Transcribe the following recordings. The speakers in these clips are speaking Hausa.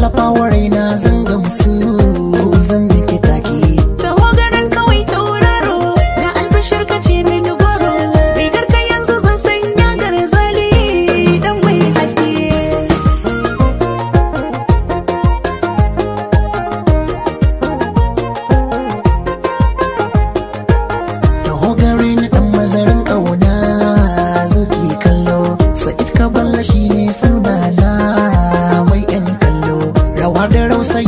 tallafa wa raina zan gamsu hermosa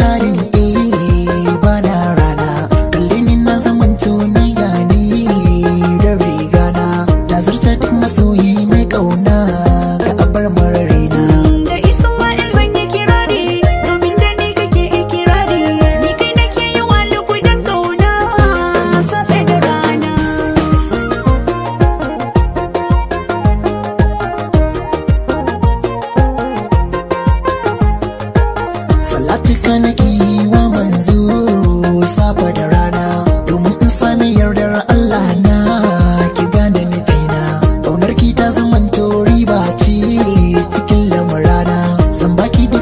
turning I'm it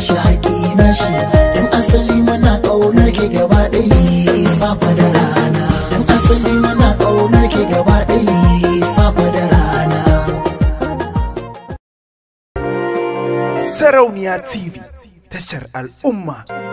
shi haƙi nashi dan asali muna ƙaunar ke gaba ɗaya safa da rana dan asali muna ƙaunar ke gaba ɗaya safa da rana sarauniya tv tashar al'umma